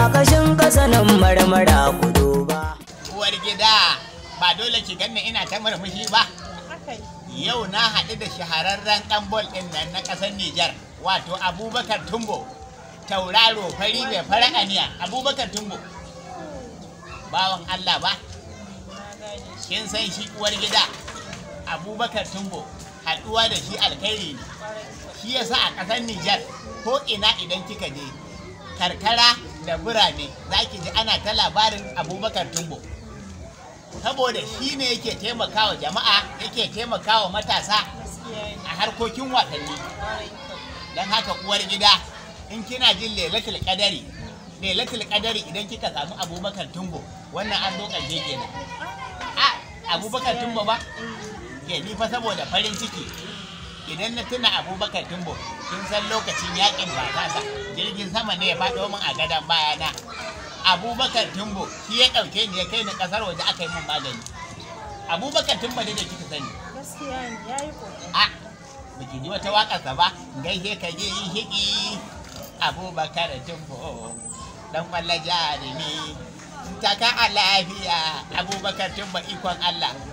ga kashin nan marmara kudu ba. Uwar gida ba dole ki ganni ina ta murmushi ba. Yau na haɗu da shahararren ɗan bol ɗin nan na ƙasar Nijar wato Abubakar Tumbo. Tauraro fari mai fara aniya Abubakar Tumbo. Bawan Allah ba. Kin san shi uwar gida Abubakar Tumbo haɗuwa da shi alkhairi ne. Shi yasa a ƙasar Nijar ko ina idan kika je karkara da birane za ki ji ana ta labarin abubakar tumbo saboda shi ne yake taimakawa jama'a yake taimakawa matasa a harkokin wasanni don haka uwar gida in kina jin lailatul kadari lailatul kadari idan kika samu abubakar tumbo wannan an zo ƙarshe ne a abubakar tumbo ba ke ni fa saboda farin ciki idan na tuna abubakar tumbo kin san lokacin yakin basasa jirgin sama ne ya faɗo min a gadon bayana abubakar tumbo shi ya ɗauke ni ya kai ni ƙasar waje aka yi min magani abubakar tumbo ne da kika sani gaskiya ne yayi kokari a baki ji wata waƙarsa ba Gaihe ka je yi hiki abubakar tumbo dan kwalla jarumi taka a lafiya abubakar Tumbo, ikon allah